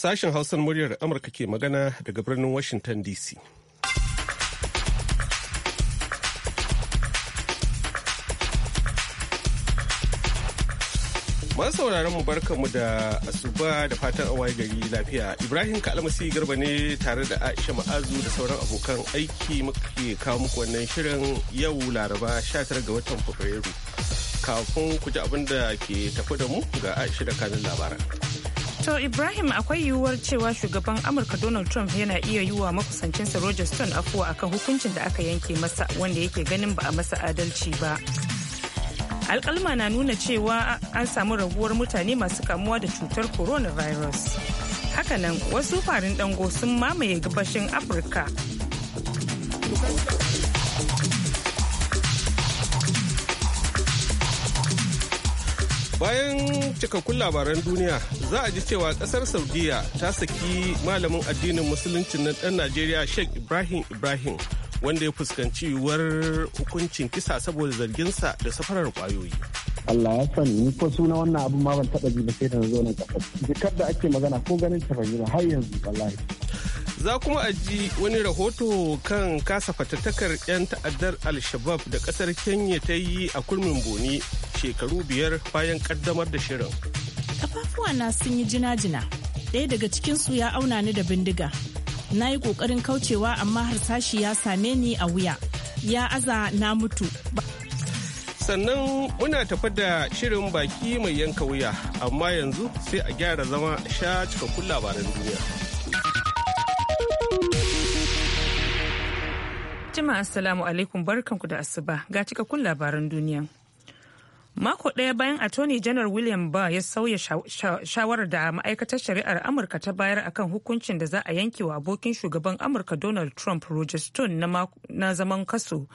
Sashen Hausar muryar Amurka ke magana daga birnin Washington DC. Masu sauraron mu barkanmu da asuba da fatan awai gari lafiya. Ibrahim Kalmasi Garba ne tare da Aisha Ma'azu da sauran abokan aiki muke kawo muku wannan shirin yau Laraba 19 ga watan Fabrairu. Kafin ku ji abin da ke tafi da mu ga Aisha da kanin labaran. To Ibrahim akwai yiwuwar cewa shugaban Amurka Donald Trump yana iya yiwuwa makusancinsa Roger Stone afuwa akan hukuncin da aka yanke masa wanda yake ganin ba a masa adalci ba. Alkalma na nuna cewa an samu raguwar mutane masu kamuwa da cutar coronavirus. Hakanan wasu farin dango sun mamaye gabashin Afirka. Bayan cikakkun labaran duniya za a ji cewa kasar Saudiya ta saki malamin addinin musuluncin na dan Najeriya Sheikh Ibrahim Ibrahim wanda ya fuskanci yiwuwar hukuncin kisa saboda zarginsa da safarar kwayoyi. Allah ya sani ni ko suna wannan abin ma ban taba ji ba sai da na zo nan kasar. Jikar da ake magana ko ganin ta ba har yanzu wallahi. Za kuma a ji wani rahoto kan kasa fatattakar 'yan ta'addar Al-Shabab da kasar Kenya ta yi a kurmin Boni shekaru biyar bayan kaddamar da shirin. Kafafuwa na sun yi jina-jina, ɗaya daga cikinsu ya auna ni da bindiga. Na yi ƙoƙarin kaucewa amma harsashi ya same ni a wuya. Ya aza na mutu. Sannan muna tafi da shirin baki mai yanka wuya, amma yanzu sai a gyara zama sha cikakkun labaran duniya. Jima'a assalamu alaikum barkanku da asuba ga cikakkun labaran duniya. mako ɗaya bayan attorney general william ba ya sauya shawarar da ma'aikatar shari'ar amurka ta bayar akan hukuncin da za a yanke wa abokin shugaban amurka donald trump roger stone na zaman kaso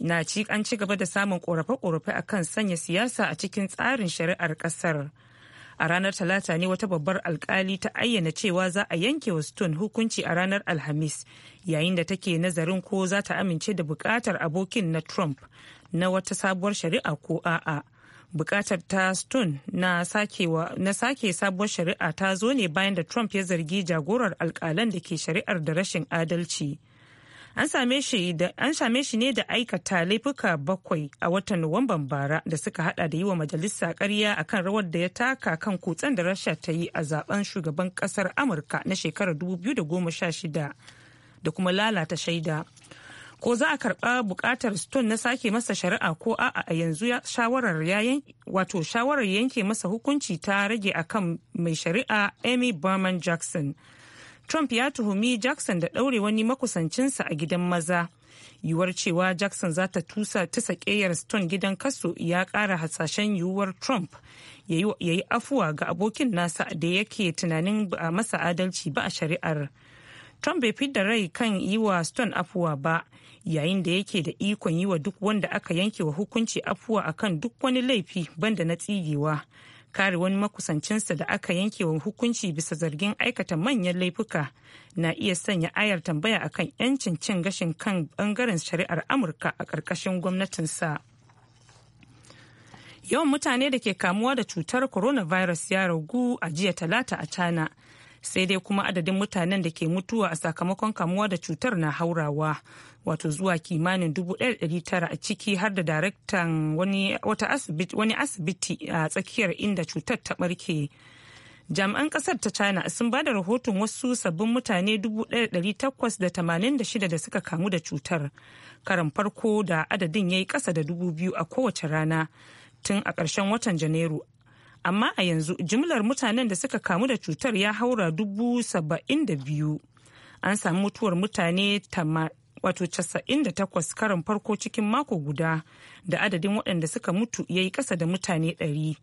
na ci an ci gaba da samun korafe-korafe akan sanya siyasa a cikin tsarin shari'ar kasar a ranar talata ne wata babbar alkali ta ayyana cewa za a yanke wa stone hukunci a ranar alhamis yayin da take nazarin ko za ta amince da bukatar abokin na trump na wata sabuwar shari'a ko a'a. bukatar ta stone na sake sabuwar shari'a ta zo ne bayan da trump ya zargi jagorar alkalan da ke shari'ar da rashin adalci an same shi ne da aikata laifuka bakwai a watan nuwamban bara da suka hada da yi wa majalisa karya akan rawar da ya taka kan kutsen da rasha ta yi a zaben shugaban kasar amurka na shekarar 2016 da kuma lalata shaida ko za a karba bukatar stone na sake masa shari'a ko a'a a yanzu shawarar yayin wato shawarar yanke masa hukunci ta rage akan mai shari'a amy berman jackson trump ya tuhumi jackson da daure wani makusancinsa a gidan maza yiwuwar cewa jackson za ta tusa ta sakeyar stone gidan kaso ya kara hasashen yiwuwar trump ya yi afuwa ga abokin nasa da yake tunanin ba masa adalci ba a shari'ar trump bai da rai kan yi wa stone afuwa ba yayin da yake da ikon yi wa duk wanda aka yanke wa hukunci afuwa akan duk wani laifi banda na tsigewa kare wani makusancinsa da aka yanke wa hukunci bisa zargin aikata manyan laifuka na iya sanya ayar tambaya akan yancin cin gashin kan bangaren shari'ar amurka a ƙarƙashin gwamnatinsa yawan mutane da ke kamuwa da cutar coronavirus ya ragu a jiya talata a china sai dai kuma adadin mutanen da ke mutuwa a sakamakon kamuwa da cutar na haurawa wato zuwa kimanin 1,900 a ciki har da daraktan wani asibiti a tsakiyar inda cutar ta barke. jami'an kasar ta china sun ba da rahoton wasu sabbin mutane 1886 da suka kamu da cutar karan farko da adadin ya yi kasa da 2000 a kowace rana tun a ƙarshen watan janairu amma a yanzu jimlar mutanen da suka kamu da cutar ya haura dubu saba'in da biyu an samu mutuwar mutane wato takwas karan farko cikin mako guda da adadin waɗanda suka mutu ya yi ƙasa da mutane ɗari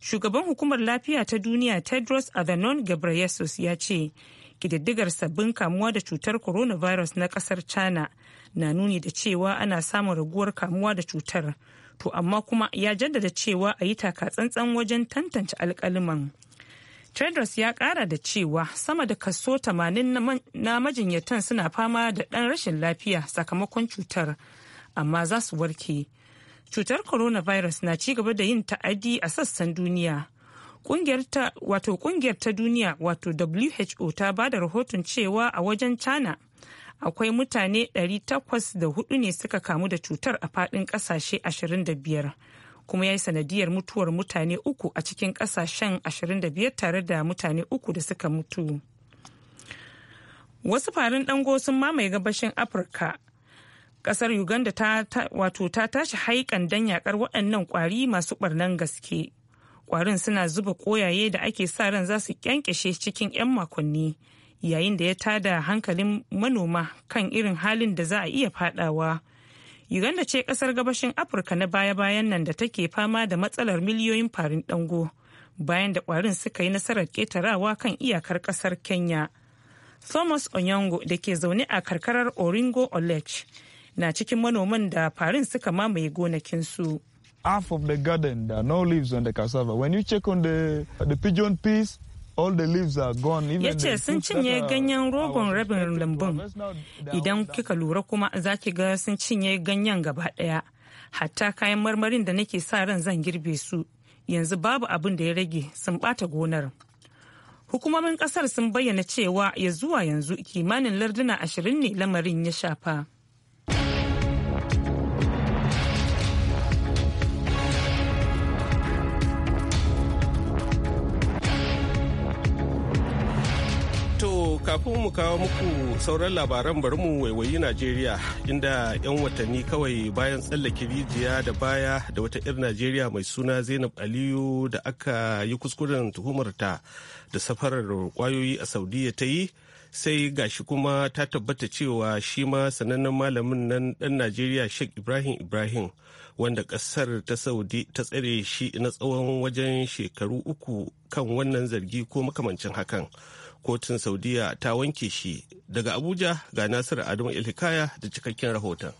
shugaban hukumar lafiya ta duniya tedros adhanom ghebreyesus ya ce kididdigar sabbin kamuwa da cutar coronavirus na ƙasar china na nuni da cewa ana samun raguwar kamuwa da cutar to amma kuma ya jaddada cewa a yi takatsantsan wajen tantance alkaliman tedros ya kara da cewa sama da kaso 80 na majinyatan suna fama da ɗan rashin lafiya sakamakon cutar amma za su warke cutar coronavirus na ci gaba da yin ta'adi a sassan duniya kungiyar ta duniya wato who ta ba da rahoton cewa a wajen china akwai mutane 804 ne suka kamu da cutar a faɗin ƙasashe 25 kuma ya yi sanadiyar mutuwar mutane uku a cikin ƙasashen 25 tare da mutane uku da suka mutu. Wasu farin ɗango sun mamaye gabashin Afirka. Ƙasar Uganda ta, wato ta tashi haikan dan yakar waɗannan ƙwari masu ɓarnan gaske. Ƙwarin suna zuba koyaye da ake sa ran za su kyankyashe cikin 'yan makonni. yayin da ya tada hankalin manoma kan irin halin da za a iya fadawa. Uganda ce kasar gabashin Afirka na baya-bayan nan da take fama da matsalar miliyoyin farin dango bayan da kwarin suka yi nasarar ketarawa kan iyakar kasar Kenya. Thomas Onyango da ke zaune a karkarar Oringo Olech na cikin manoman da farin suka mamaye gonakinsu. Half of the garden, there are no leaves on the cassava. When you check on the, the pigeon peas, ya ce sun cinye ganyen rogon rabin lambun idan kika lura kuma za ki ga sun cinye ganyen gaba daya hatta kayan marmarin da nake sa ran zan girbe su yanzu babu abin da ya rage sun bata gonar hukumomin kasar sun bayyana cewa ya zuwa yanzu kimanin larduna ashirin ne lamarin ya shafa. kafin mu kawo muku sauran labaran bari mu waiwayi Najeriya inda 'yan watanni kawai bayan tsallake rijiya da baya da wata 'yar Najeriya mai suna Zainab Aliyu da aka yi kuskuren tuhumarta da safarar kwayoyi a Saudiya ta yi sai gashi kuma ta tabbata cewa shi ma sanannen malamin nan dan Najeriya Sheikh Ibrahim Ibrahim wanda kasar ta Saudi ta tsare shi na tsawon wajen shekaru uku kan wannan zargi ko makamancin hakan. kotun saudiya ta wanke shi daga abuja ga nasiru adamu ilhikaya da cikakken rahoton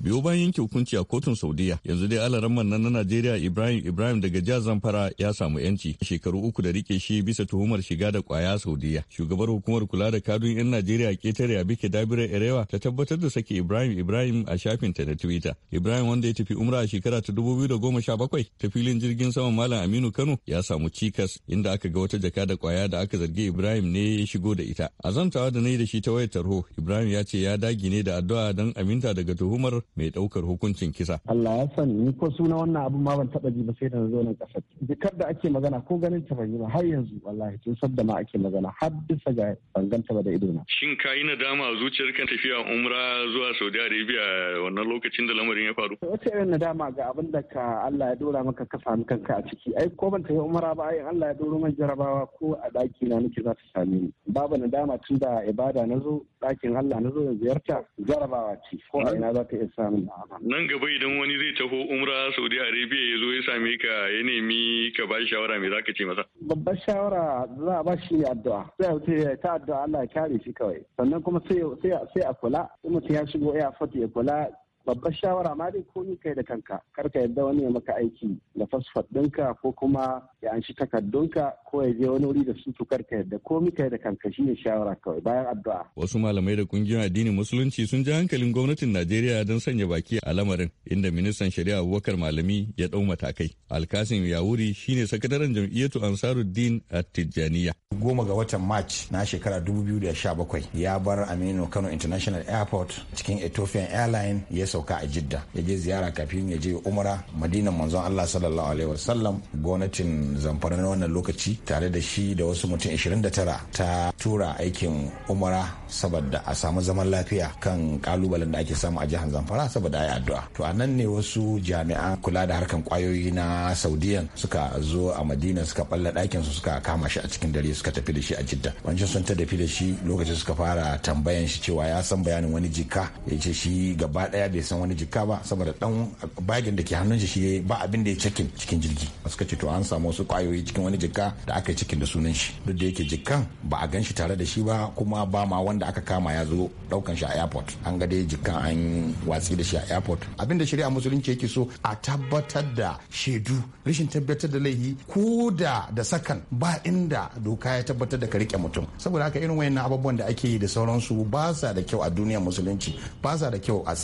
biyo bayan yanke hukunci a kotun saudiya yanzu dai alaramman manna na najeriya ibrahim ibrahim daga jihar zamfara ya samu yanci shekaru uku da rike shi bisa tuhumar shiga da kwaya saudiya shugabar hukumar kula da kadun yan najeriya ketare abike dabira erewa ta tabbatar da sake ibrahim ibrahim a shafin ta na twitter ibrahim wanda ya tafi umra a shekara ta dubu biyu da goma sha bakwai ta filin jirgin saman malam aminu kano ya samu cikas inda aka ga wata jaka da kwaya da aka zargi ibrahim ne ya shigo da ita a zantawa da na yi da shi ta wayar tarho ibrahim ya ce ya dage ne da addu'a don aminta daga tuhumar mai ɗaukar hukuncin kisa. Allah ya sani ni ko suna wannan abu ma ban taɓa ji ba sai da na zo nan ƙasar. Jikar da ake magana ko ganin ta ban yi ba har yanzu wallahi tun sabda ma ake magana har bisa ga banganta ba da ido na. Shin ka yi nadama zuciyar kan tafiya umra zuwa Saudi Arabia wannan lokacin da lamarin ya faru? Wace irin nadama ga abin da ka Allah ya dora maka ka sami kanka a ciki. Ai ko ban tafi umra ba ai Allah ya doro man jarabawa ko a ɗaki na nake za ta same ni. Babu nadama tun da ibada na zo ɗakin Allah na zo ziyarta jarabawa ce ko a ina za ta iya samun nan gaba idan wani zai taho umra saudi arabia ya zo ya same ka ya nemi ka ba shawara me zaka ce masa babbar shawara za a ba shi addu'a sai a ce ta addu'a Allah ya kare shi kawai sannan kuma sai a kula mutum ya shigo ya fata ya kula babbar shawara ma dai komi kai da kanka kar ka yadda wani ya maka aiki da fasfat ɗinka ko kuma ya anshi takardunka ko ya je wani wuri da su kar ka yadda komi kai da kanka shine shawara kawai bayan addu'a wasu malamai da kungiyar addinin musulunci sun ji hankalin gwamnatin Najeriya don sanya baki a lamarin inda ministan shari'a Abubakar Malami ya dau matakai Alkasim Yawuri shine sakataren jam'iyyatu Ansaruddin At-Tijjaniya goma ga watan March na shekara 2017 ya bar Aminu Kano International Airport cikin Ethiopian Airline ya sauka a jidda ya je ziyara kafin ya je umara madinan manzon allah sallallahu alaihi wasallam gwamnatin zamfara na wannan lokaci tare da shi da wasu mutum 29 ta tura aikin umara saboda a samu zaman lafiya kan kalubalen da ake samu a jihar zamfara saboda ayi addu'a to a nan ne wasu jami'an kula da harkan kwayoyi na saudiyan suka zo a madina suka balla ɗakin su suka kama shi a cikin dare suka tafi da shi a jidda wancan sun ta tafi da shi lokacin suka fara tambayan shi cewa ya san bayanin wani jika ya ce shi gaba ɗaya bai san wani jikka ba saboda dan bagin da ke hannun shi shi ba abin da ya cikin cikin jirgi suka ce to an samu wasu kwayoyi cikin wani jikka da aka yi cikin da sunan shi duk da yake jikkan ba a gan shi tare da shi ba kuma ba ma wanda aka kama ya zo daukan shi a airport an ga dai jikkan an watsi da shi a airport abin da shari'a musulunci yake so a tabbatar da shaidu rashin tabbatar da laifi ko da da sakan ba inda doka ya tabbatar da ka rike mutum saboda haka irin wayannan abubuwan da ake yi da sauransu ba sa da kyau a duniyar musulunci ba sa da kyau a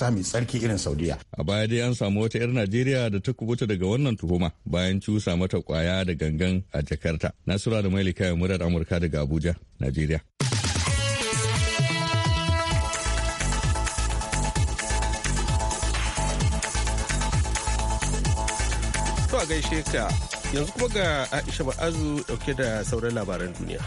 kasa mai tsarki irin Saudiya. A baya dai an samu wata 'yar Najeriya da ta kubuta daga wannan tuhuma bayan cusa mata kwaya da gangan a Jakarta. Nasura da mai ya murar Amurka daga Abuja, Najeriya. To gaishe ta yanzu kuma ga Aisha Ma'azu dauke da sauran labaran duniya.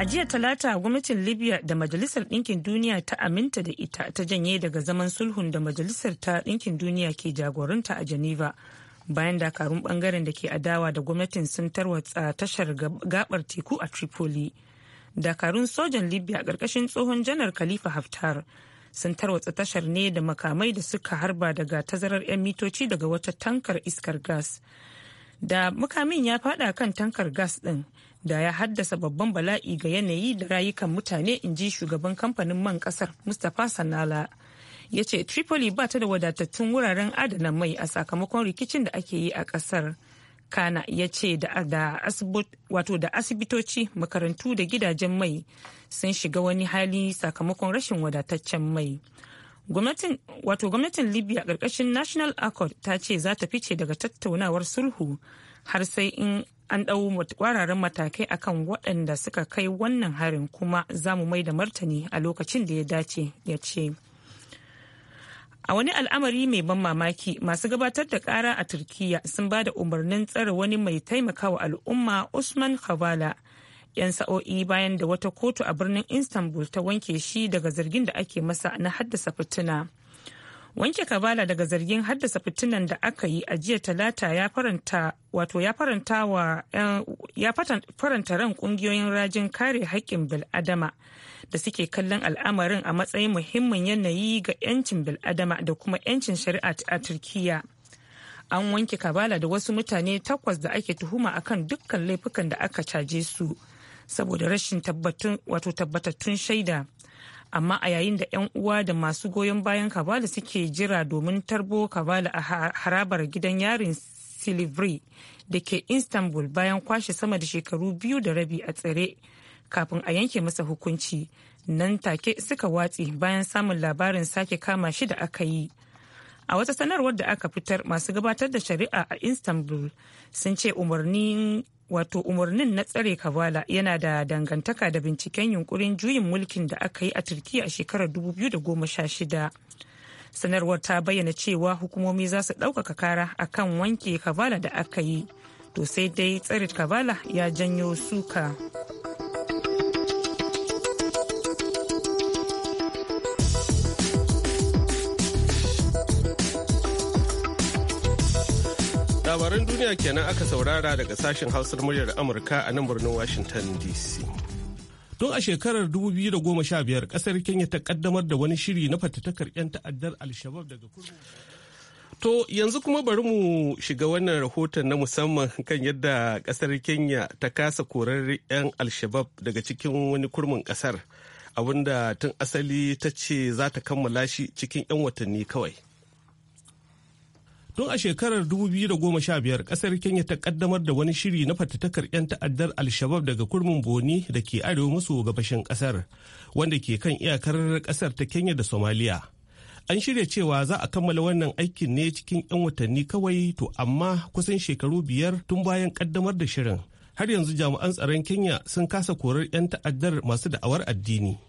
A jiya talata gwamnatin Libya da Majalisar Ɗinkin Duniya ta aminta da ita ta janye daga zaman sulhun da Majalisar ta Ɗinkin Duniya ke jagoranta a Geneva. Bayan dakarun bangaren da ke adawa da gwamnatin sun tarwatsa tashar gabar teku a Tripoli. Dakarun sojan Libya ƙarƙashin tsohon janar Khalifa Haftar sun tarwatsa tashar ne da makamai da suka harba daga tazarar 'yan mitoci daga wata tankar iskar gas. Da mukamin ya fada kan tankar gas ɗin da ya haddasa babban bala'i ga yanayi da rayukan mutane in ji shugaban kamfanin man kasar mustapha sanala ya ce tripoli ba ta da wadatattun wuraren adana mai a sakamakon rikicin da ake yi a kasar kana ya ce da asibitoci makarantu da gidajen mai sun shiga wani hali sakamakon rashin wadataccen mai wato gwamnatin libya ƙarƙashin national accord ta ce za ta fice daga tattaunawar sulhu har sai in an ɗau kwararan matakai akan waɗanda suka kai wannan harin kuma za mu mai da martani a lokacin da ya dace ya ce a wani al'amari mai ban mamaki masu gabatar da ƙara a turkiya sun ba da umarnin tsare wani mai taimakawa al'umma usman kavala yan sa'o'i bayan da wata kotu a birnin istanbul ta wanke shi daga zargin da ake masa na haddasa fituna. wanke kabala daga zargin haddasa fitinan da aka yi a jiya talata ya faranta wa ya faranta eh, ran kungiyoyin rajin kare haƙƙin bil'adama da suke kallon al'amarin a matsayin muhimmin yanayi ga 'yancin bil'adama da kuma 'yancin shari'a a Turkiyya. an wanke kabala da wasu mutane takwas da ake tuhuma akan dukkan laifukan da aka caje su saboda rashin tabbatattun shaida amma a yayin da 'yan uwa da masu goyon bayan kabala suke jira domin tarbo kabala a harabar gidan yarin silivri da ke istanbul bayan kwashe sama da shekaru biyu da rabi a tsare kafin a yanke masa hukunci nan take suka watse bayan samun labarin sake kama shi da aka yi a wata sanarwar da aka fitar masu gabatar da shari'a a istanbul sun ce umarnin wato umarnin na tsare kavala yana da dangantaka da binciken yunkurin juyin mulkin da aka yi a turkiya a shekarar 2016 sanarwar ta bayyana cewa hukumomi za su ɗaukaka kara kan wanke kavala da aka yi to sai dai tsare kavala ya janyo suka. labaran duniya kenan aka saurara daga sashen hausar muryar amurka a nan birnin washington dc tun a shekarar 2015 kasar kenya ta kaddamar da wani shiri na fatattakar 'yan ta'addar al-shabab daga To yanzu kuma bari mu shiga wannan rahoton na musamman kan yadda kasar Kenya ta kasa korar 'yan Alshabab daga cikin wani kurmin kasar abinda tun asali ta ce za ta kammala shi cikin 'yan watanni kawai. Tun a shekarar 2015 kasar Kenya ta kaddamar da wani shiri na fatattakar 'yan ta'addar Alshabab daga kurmin Boni da ke arewa maso gabashin kasar wanda ke kan iyakar kasar ta Kenya da Somalia. An shirya cewa za a kammala wannan aikin ne cikin 'yan watanni kawai to amma kusan shekaru biyar tun bayan kaddamar da shirin. Har yanzu jami'an tsaron Kenya sun kasa korar 'yan ta'addar masu da'awar addini.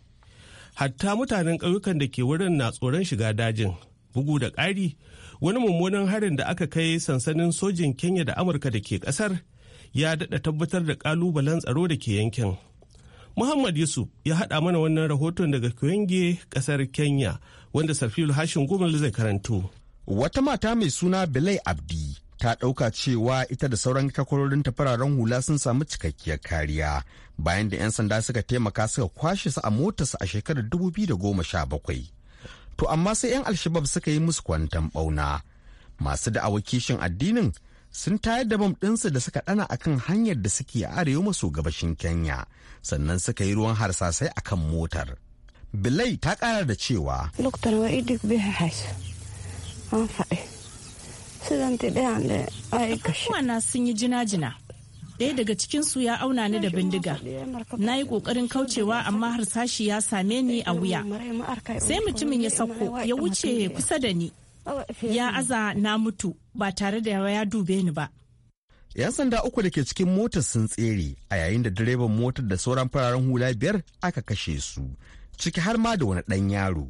Hatta mutanen ƙauyukan da ke wurin na tsoron shiga dajin. Bugu da ƙari, wani mummunan harin da aka kai sansanin sojin kenya da amurka da ke kasar ya daɗa tabbatar da ƙalubalen tsaro da ke yankin muhammad yusuf ya haɗa mana wannan rahoton daga kyenge ƙasar kenya wanda sarfilu hashin gumal zai karantu. wata mata mai suna bilai abdi ta ɗauka cewa ita da sauran takwarorin ta fararen hula sun samu cikakkiyar kariya bayan da 'yan sanda suka taimaka suka kwashe su a motarsa a shekarar 2017 to amma sai 'yan alshabab suka yi musu kwantan bauna masu da'awa kishin addinin sun tayar da bam ɗinsu da suka ɗana akan hanyar da suke a arewa maso gabashin kenya sannan suka yi ruwan harsasai akan motar bilai ta ƙara da cewa Kwana sun yi jina-jina ɗaya daga cikinsu ya auna ni da bindiga na yi ƙoƙarin kaucewa amma harsashi ya same ni a wuya sai mutumin ya sauko ya wuce kusa da ni ya aza na mutu ba tare da ya dube ni ba 'yan sanda uku da ke cikin motar sun tsere a yayin da direban motar da sauran fararen hula biyar aka kashe su ciki har ma da wani ɗan yaro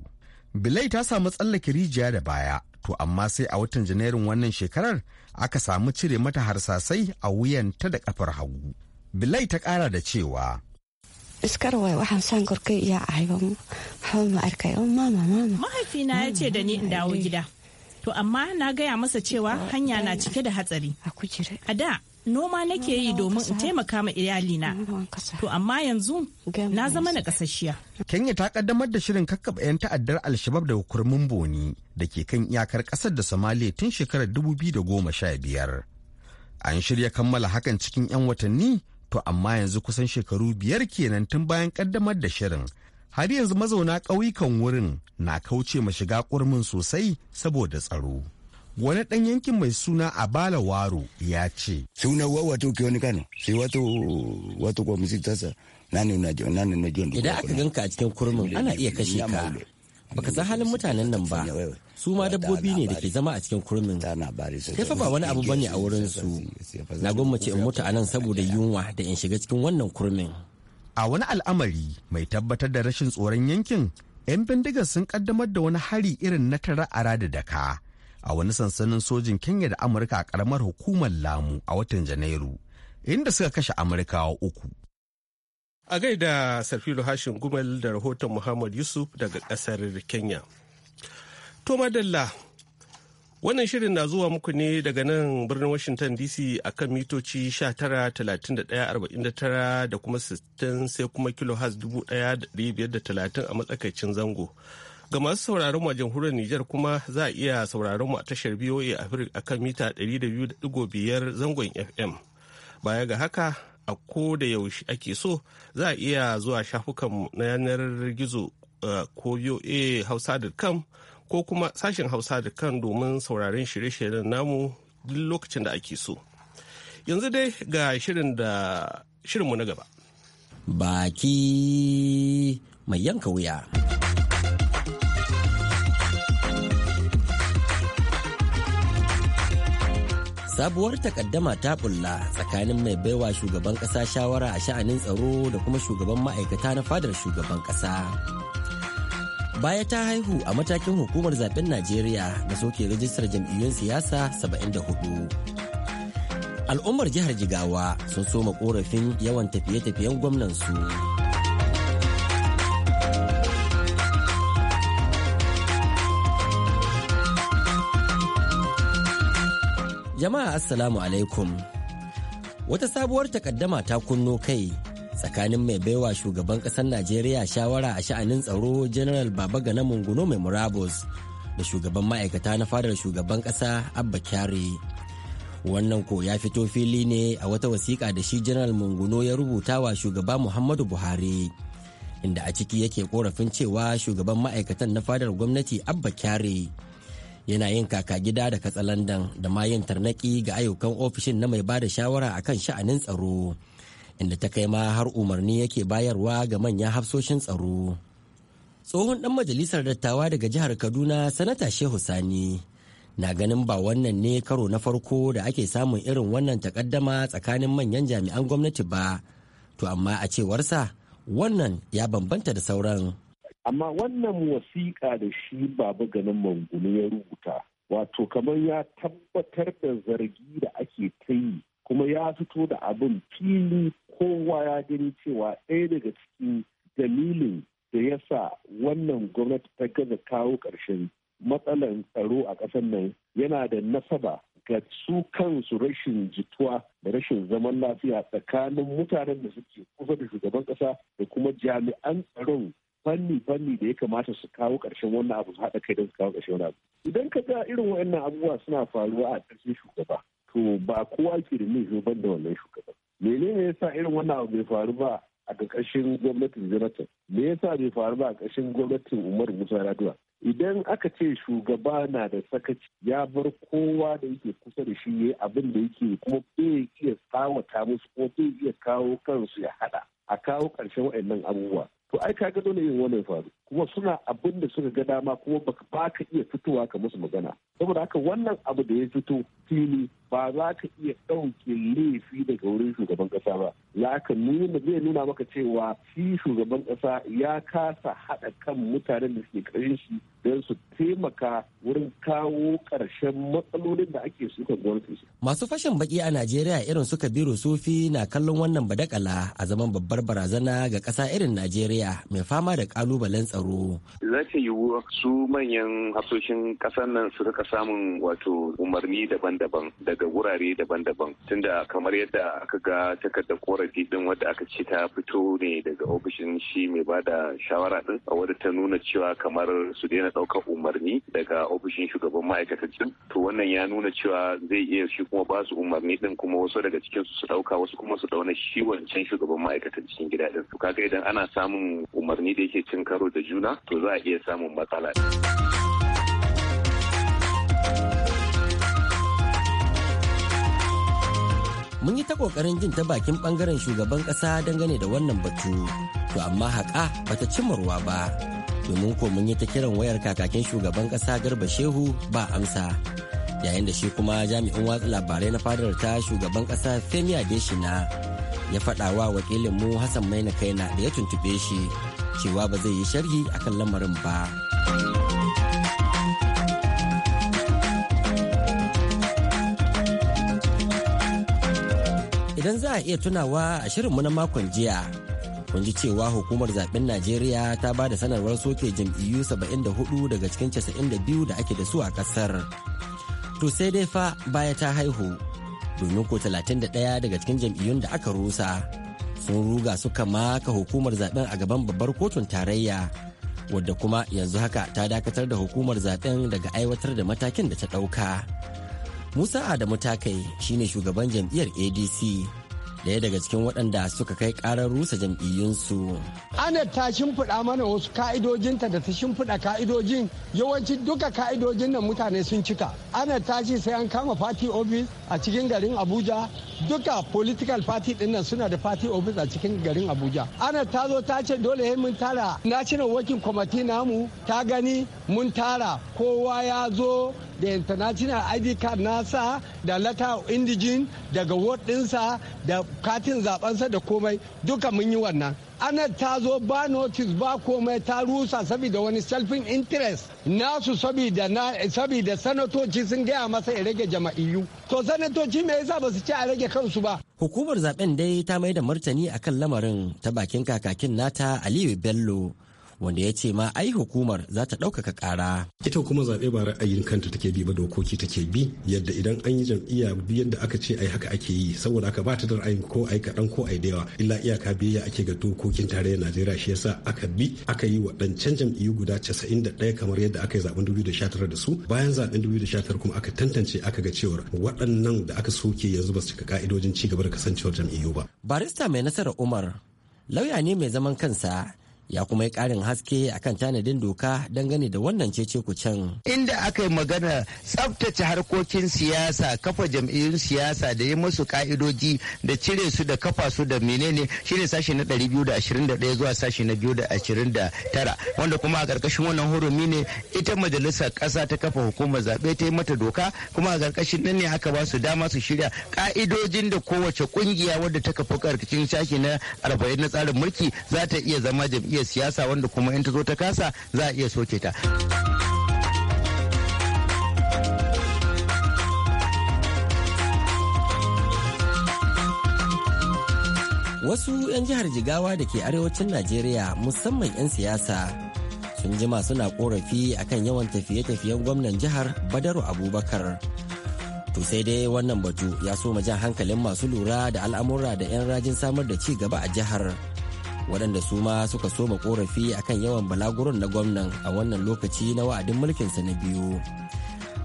bilai ta samu tsallake rijiya da baya to amma sai a watan janairun wannan shekarar aka samu cire mata harsasai a wuyanta da kafar hagu. Bilai ta kara da cewa. Iskar wai waxaan saan gurkai iya ahay waxba ma arkay oh mama mama. Mahaifina ya ce da ni in dawo gida. To amma na gaya masa cewa hanya na cike da hatsari. A da noma nake yi domin in taimaka ma iyalina to amma yanzu na zama na kasashiya. kenya ta kaddamar da shirin kakkaba 'yan ta'addar alshabab da kurmin boni da ke kan iyakar kasar da somalia tun shekarar 2015 an shirya kammala hakan cikin 'yan watanni to amma yanzu kusan shekaru biyar kenan tun bayan kaddamar da shirin har yanzu mazauna ƙauyukan wurin na kauce ma shiga kurmin sosai saboda tsaro. wani ɗan yankin mai suna a bala waro ya ce suna wa wato ke wani kano sai wato wato kwamisi tasa nani na nani na idan aka ganka a cikin kurmin ana iya kashe ka baka san halin mutanen nan ba su ma dabbobi ne da ke zama a cikin kurmin kai fa ba wani abu bane a wurin su na gwammace in mutu anan saboda yunwa da in shiga cikin wannan kurmin a wani al'amari mai tabbatar da rashin tsoron yankin 'yan bindigar sun kaddamar da wani hari irin na tara ara da daka a wani sansanin sojin Kenya da Amurka a karamar hukumar Lamu a watan Janairu, inda suka kashe Amurkawa uku. A gaida Sarfilo Hashin gumel da rahoton Muhammad Yusuf daga ƙasar Kenya. To madalla, wannan shirin na zuwa muku ne daga nan birnin Washington DC a kan mitoci 19,31,49 da kuma 60 sai kuma kilo 1,530 a matsakaicin zango. Ga masu sauraron mu a jamhuriyar Nijar kuma za a iya sauraron mu a tashar BOA Africa akan mita 200.5 zangon FM. Baya ga haka a ko da yaushe ake so za a iya zuwa shafukan na yanar gizo eh, ko BOA hausa.com ko kuma sashen hausa.com domin sauraron shirye-shiryen namu duk lokacin da ake so. Yanzu dai ga shirin da shirinmu na gaba. Baki mai yanka wuya. sabuwar takaddama ta bulla tsakanin mai baiwa shugaban kasa shawara a sha'anin tsaro da kuma shugaban ma'aikata na fadar shugaban kasa baya ta haihu a matakin hukumar zaben najeriya da soke rijistar jam'iyyun siyasa 74 al'ummar jihar jigawa sun soma korafin yawan tafiye-tafiyen gwamnan su Jama'a Assalamu alaikum. Wata sabuwar takaddama ta kunno kai tsakanin mai baiwa shugaban ƙasar Najeriya shawara a sha'anin tsaro General gana Munguno mai murabus da shugaban ma'aikata na fadar shugaban ƙasa Abba Kyari. Wannan ko ya fito fili ne a wata wasiƙa da shi General Munguno ya rubuta wa shugaba Muhammadu Buhari. Inda a ciki yake korafin cewa shugaban ma'aikatan na fadar gwamnati Abba Kyari. yana yin kaka gida da katsalandan da ma yin tarnaki ga ayyukan ofishin na mai bada shawara a kan sha'anin tsaro inda ta kai ma har umarni yake bayarwa ga manyan hafsoshin tsaro tsohon dan majalisar dattawa daga jihar kaduna sanata shehu sani na ganin ba wannan ne karo na farko da ake samun irin wannan takaddama tsakanin manyan jami'an gwamnati ba to amma a cewarsa wannan ya bambanta da sauran amma wannan wasiƙa da shi baba ganin mangunu ya rubuta wato kamar ya tabbatar da zargi da ake ta yi kuma ya fito da abin fili kowa ya gani cewa ɗaya daga cikin dalilin da ya sa wannan gwamnati ta gaza kawo ƙarshen matsalar tsaro a ƙasar nan yana da nasaba ga su kansu rashin jituwa da rashin zaman lafiya tsakanin mutanen da suke kusa da shugaban ƙasa da kuma jami'an tsaron fanni fanni da ya kamata su kawo ƙarshen wannan abu haɗa kai don su kawo ƙarshen wannan abu idan ka ga irin waɗannan abubuwa suna faruwa a ƙarshen shugaba to ba kowa ke da mai ban da wannan shugaban ya sa irin wannan abu bai faru ba a ƙarƙashin gwamnatin jonathan me ya sa bai faru ba a ƙarƙashin gwamnatin umaru musa raduwa idan aka ce shugaba na da sakaci ya bar kowa da yake kusa da shi yi abin da yake kuma bai iya tsawata musu ko bai iya kawo kansu ya haɗa. a kawo ƙarshen waɗannan abubuwa to ai kaga dole irin wannan faru kuma suna abin da suka ga dama kuma ba ka iya fitowa ka musu magana saboda haka wannan abu da ya fito fili ba za ka iya ɗauke laifi daga wurin shugaban ƙasa ba za ka nuna zai nuna maka cewa shi shugaban ƙasa ya kasa haɗa kan mutanen da suke ƙarshen shi don su taimaka wurin kawo ƙarshen matsalolin da ake sukan gwamnati masu fashin baki a najeriya irin su kabiru sufi na kallon wannan badakala a zaman babbar barazana ga ƙasa irin najeriya mai fama da ƙalubalen tsaro tsaro. Za ta yiwu su manyan hafsoshin ƙasar nan su samu samun wato umarni daban-daban daga wurare daban-daban tunda kamar yadda aka ga takardar korafi din wadda aka ce ta fito ne daga ofishin shi mai ba da shawara din wadda ta nuna cewa kamar su daina ɗaukar umarni daga ofishin shugaban ma'aikatan to wannan ya nuna cewa zai iya shi kuma ba su umarni din kuma wasu daga cikin su su ɗauka wasu kuma su dauna shi wancan shugaban ma'aikatan cikin gida din kaga idan ana samun umarni da yake cin karo da juna to za a iya samun matsala. mun yi ta kokarin jin ta bakin bangaren shugaban kasa dangane da wannan batu to amma haƙa bata ruwa ba domin ko mun yi ta kiran wayar kakakin shugaban kasa garba shehu ba amsa yayin da shi kuma jami'in watsa labarai na fadar ta shugaban kasa femi adeshina ya faɗawa wa wakilin hassan maina kaina da ya tuntube shi cewa ba zai yi sharhi akan lamarin ba. Idan za a iya tunawa a shirinmu na makon jiya, kun ji cewa hukumar zaben Najeriya ta ba da sanarwar soke jam'iyyu 74 daga cikin 92 da ake da su a kasar. To sai dai fa baya ta haihu, domin ko 31 daga cikin jam'iyyun da aka rusa. sun ruga suka maka hukumar zaben a gaban babbar kotun tarayya wadda kuma yanzu haka ta dakatar da hukumar zaben daga aiwatar da matakin da ta ɗauka. Musa Adamu Takai shine shugaban jam'iyyar ADC daya daga cikin waɗanda suka kai ƙarar rusa jam'iyyunsu. Anet ta shimfiɗa mana wasu ka'idojinta da ta shimfiɗa ka'idojin yawanci duka ka'idojin nan mutane sun cika. Anet ta ce sai an kama party office a cikin garin Abuja duka political party ɗin nan suna da party office a cikin garin Abuja. Anet ta zo ta ce dole sai mun tara national working committee namu ta gani mun tara kowa ya zo da international ID card nasa da letter of indigene daga ward ɗinsa da katin zabansa da komai duka mun yi wannan Anad ta zo ba notice ba komai ta rusa saboda wani selfing interest nasu saboda na saboda sanatoci sun gaya masa ya rage jama'iyyu to sanatoci me yasa ba su ci a rage kansu ba hukumar zaben dai ta mai da martani akan lamarin ta bakin kakakin nata aliyu bello wanda ya ce ma ai hukumar za ta ɗaukaka ƙara. Ita kuma zaɓe ba ra'ayin kanta take bi ba dokoki take bi yadda idan an yi jam'iyya da aka ce ai haka ake yi saboda aka ba ta da ra'ayin ko ai kaɗan ko ai da yawa illa iyaka biyayya ake ga dokokin tarayyar Najeriya shi yasa aka bi aka yi waɗancan jam'iyyu guda da 91 kamar yadda aka yi zaɓen 2019 da su bayan zaɓen 2019 kuma aka tantance aka ga cewar waɗannan da aka soke yanzu ba su cika ka'idojin ci gaba da kasancewar jam'iyyu ba. Barista mai nasarar Umar lauya ne mai zaman kansa ya kuma yi karin haske a kan tanadin doka dangane da wannan cece can. Inda aka yi magana tsabtace harkokin siyasa kafa jam'iyyun siyasa da yi musu ka'idoji da cire su da kafa su da menene shine sashi na 221 zuwa sashi na 229 wanda kuma a ƙarƙashin wannan hurumi ne ita majalisar ƙasa ta kafa hukumar zaɓe ta yi mata doka kuma a ƙarƙashin nan ne aka ba su dama su shirya ka'idojin da kowace ƙungiya wadda ta kafa ƙarƙashin sashi na 40 na tsarin mulki za ta iya zama jam'iyyar iya siyasa wanda kuma in ta zo ta kasa za a iya soke ta. Wasu 'yan jihar Jigawa da ke arewacin Najeriya musamman 'yan siyasa sun jima suna korafi akan yawan tafiye-tafiyen gwamnan jihar Badaru Abubakar. To sai dai wannan batu ya so jan hankalin masu lura da al'amura da 'yan rajin samar da ci gaba a jihar waɗanda su ma suka soma korafi akan yawan balaguron na gwamnan a wannan lokaci na wa'adin mulkinsa na biyu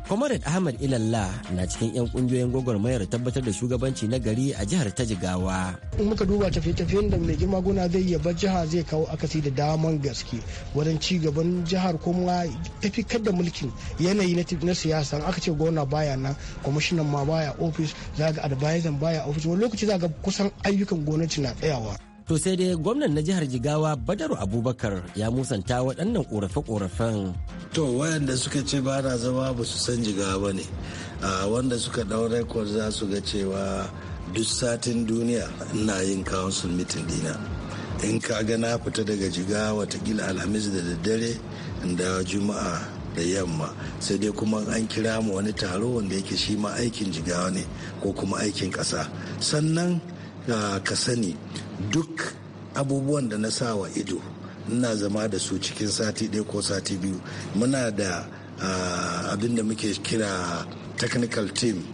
comrade ahmad ilalla na cikin 'yan kungiyoyin gwagwarmayar tabbatar da shugabanci na gari a jihar ta in muka duba tafiye-tafiyen da mai girma zai zai yaba jiha zai kawo akasi da daman gaske wajen ci gaban jihar ma tafi kada mulkin yanayi na siyasa aka ce gwamna baya nan kwamishinan ma baya ofis za ga advisor baya ofis wani lokaci za ga kusan ayyukan gwamnati na tsayawa To sai dai gwamnan na jihar Jigawa Badaru Abubakar ya musanta waɗannan ƙorafe-ƙorafen. To wayanda suka ce ba na zama ba su san Jigawa ba ne. Wanda suka ɗau rekod za su ga cewa duk satin duniya ina yin council meeting dina. In ka ga na fita daga Jigawa watakila Alhamis da daddare da Juma'a da yamma sai dai kuma an kira mu wani taro wanda yake shi ma aikin jigawa ne ko kuma aikin ƙasa sannan ka sani duk abubuwan da na sa wa ido ina zama da su cikin sati ɗaya ko sati biyu muna da abin da muke kira technical team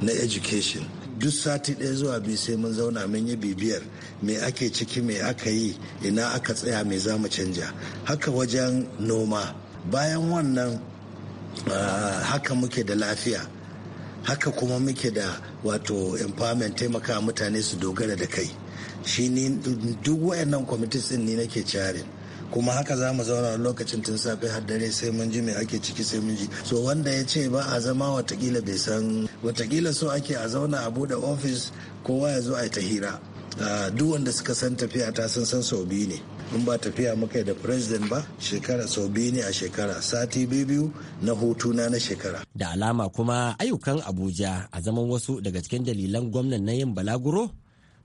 na education duk sati ɗaya zuwa biyu sai mun zauna mun yi bibiyar me ake ciki me aka yi ina aka tsaya me za mu canja haka wajen noma bayan wannan haka muke da lafiya haka kuma muke da wato empowerment taimaka mutane su dogara da kai shi ni duk wayannan kwamitis din ne nake cari kuma haka za mu zauna lokacin tun safe har dare sai mun ji me ake ciki sai mun ji so wanda ya ce ba a zama watakila bai san watakila so ake a zauna a buɗe ofis kowa ya zo a ta hira ah, duk wanda suka san tafiya ta sun san sau biyu ne in ba tafiya muka yi da president ba shekara sau biyu ne a shekara sati biyu biyu na hutuna na shekara. Da alama kuma ayyukan Abuja a zaman wasu daga cikin dalilan gwamnan na yin balaguro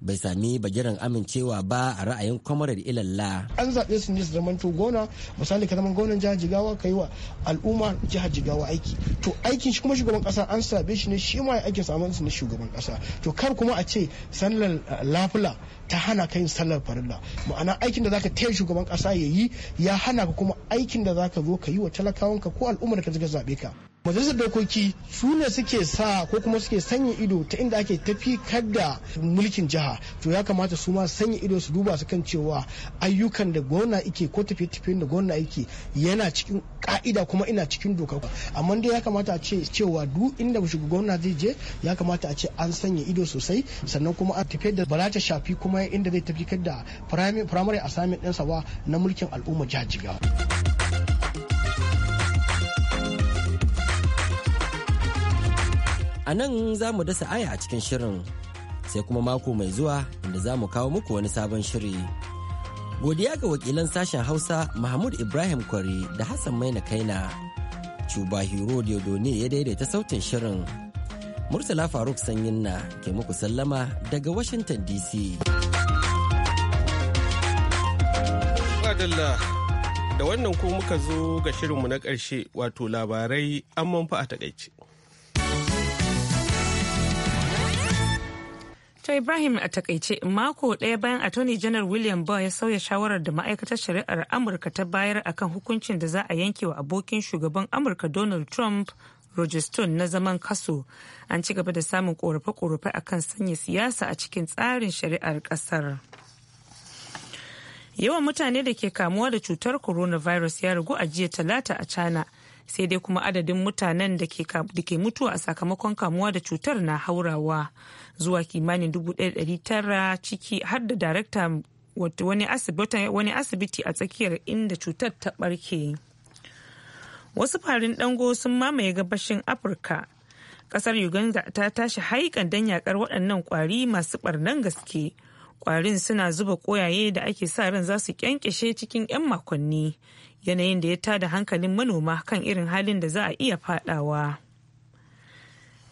bai sami bagiran amincewa ba a ra'ayin kwamarar ilalla. An zaɓe su ne su zama to gona misali ka zaman gonan jihar Jigawa ka yi wa al'umma jihar Jigawa aiki. To aikin shi kuma shugaban ƙasa an zaɓe shi ne shi ma ya aikin samun su na shugaban ƙasa. To kar kuma a ce sallar uh, lafula ta hana ka yin sallar farilla ma'ana aikin da zaka taya shugaban ƙasa ya yi ya hana ka kuma aikin da zaka zo ka yi wa talakawanka ko al'ummar da ka zaɓe ka. majalisar dokoki su ne suke sa ko kuma suke sanya ido ta inda ake tafi da mulkin jiha to ya kamata su ma sanya ido su duba su kan cewa ayyukan da gwamna ike ko tafi tafiyen da gwamna ike yana cikin ka'ida kuma ina cikin doka amma dai ya kamata a ce cewa duk inda gwamna zai je ya kamata a ce an sanya ido sosai sannan kuma a tafiyar da bala ta shafi kuma inda zai tafi da primary assignment ɗinsa ba na mulkin al'umma jihar jigawa. A nan za mu dasa aya a cikin shirin sai kuma mako mai zuwa inda za mu kawo muku wani sabon shiri. Godiya ga wakilan sashen Hausa Mahmud Ibrahim Kwari da Hassan Maina Kaina. Cuba Hero Diodone ya daidaita sautin shirin. Murtala Faruk Sanyin na ke muku sallama daga Washington DC. da wannan ko muka zo ga shirinmu na ƙarshe wato labarai an manfa a takaice. To Ibrahim a takaice mako ɗaya bayan Attorney General William Barr ya sauya shawarar da ma'aikatar shari'ar Amurka ta bayar akan hukuncin da za a yanke wa abokin shugaban Amurka Donald Trump Roger Stone na zaman kaso an ci gaba da samun korafe-korafe akan sanya siyasa a cikin tsarin shari'ar ƙasar. Yawan mutane da ke kamuwa da cutar coronavirus ya ragu a jiya talata a China sai dai kuma adadin mutanen da ke mutuwa a sakamakon kamuwa da cutar na haurawa zuwa kimanin 1,900 ciki har da darakta wani asibiti a tsakiyar inda cutar ta barke. Wasu farin dango sun mamaye gabashin Afirka. Kasar Uganda ta tashi haikan don yakar waɗannan kwari masu ɓarnan gaske. Kwarin suna zuba koyaye da ake sa ran za su kyankyashe cikin 'yan makonni yanayin da ya tada hankalin manoma kan irin halin da za a iya fadawa.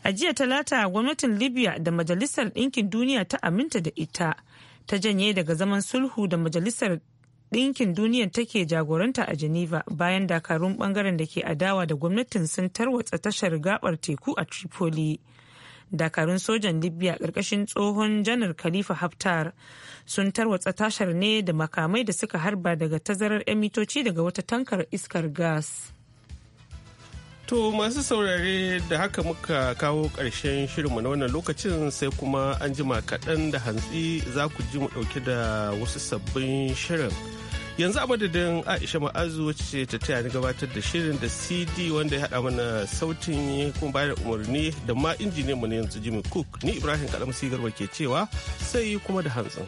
A jiya talata gwamnatin Libya da Majalisar Ɗinkin Duniya ta aminta da ita ta janye daga zaman sulhu da Majalisar Ɗinkin Duniya take jagoranta a Geneva bayan dakarun bangaren da ke adawa da gwamnatin sun tarwatsa tashar gabar teku a Tripoli. dakarun sojan libya ƙarƙashin tsohon janar khalifa haftar sun tarwatsa tashar ne da makamai da suka harba daga tazarar 'yan mitoci daga wata tankar iskar gas To masu saurare da haka muka kawo ƙarshen shirinmu na wannan lokacin sai kuma an jima kaɗan da hantsi za ku ji mu ɗauke da wasu sabbin shirin. yanzu a madadin aisha ma'azu wacce ta taya ni gabatar da shirin da cd wanda ya haɗa mana sautin kuma bayar umarni da ma injiniyan mu ne yanzu jimmy cook ni ibrahim kalam garba ke cewa sai kuma da hantsin.